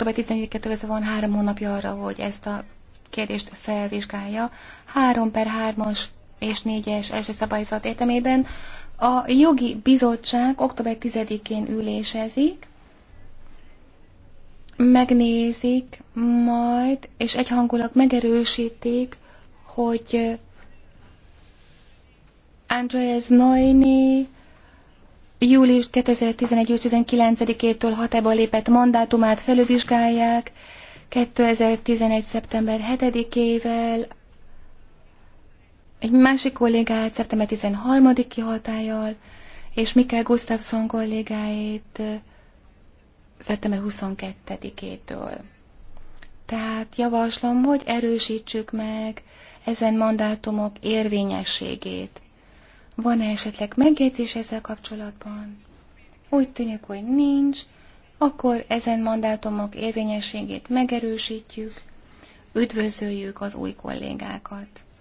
Október 14-től van három hónapja arra, hogy ezt a kérdést felvizsgálja. 3 per 3-as és 4-es első szabályzat értemében a jogi bizottság október 10-én ülésezik, megnézik majd, és egyhangulag megerősítik, hogy Andreas Noini július 2011. 19-től hatába lépett mandátumát felülvizsgálják, 2011. szeptember 7-ével, egy másik kollégát szeptember 13-i és Mikkel Gustafsson kollégáit szeptember 22-től. Tehát javaslom, hogy erősítsük meg ezen mandátumok érvényességét. Van-e esetleg megjegyzés ezzel kapcsolatban? Úgy tűnik, hogy nincs. Akkor ezen mandátumok érvényességét megerősítjük, üdvözöljük az új kollégákat.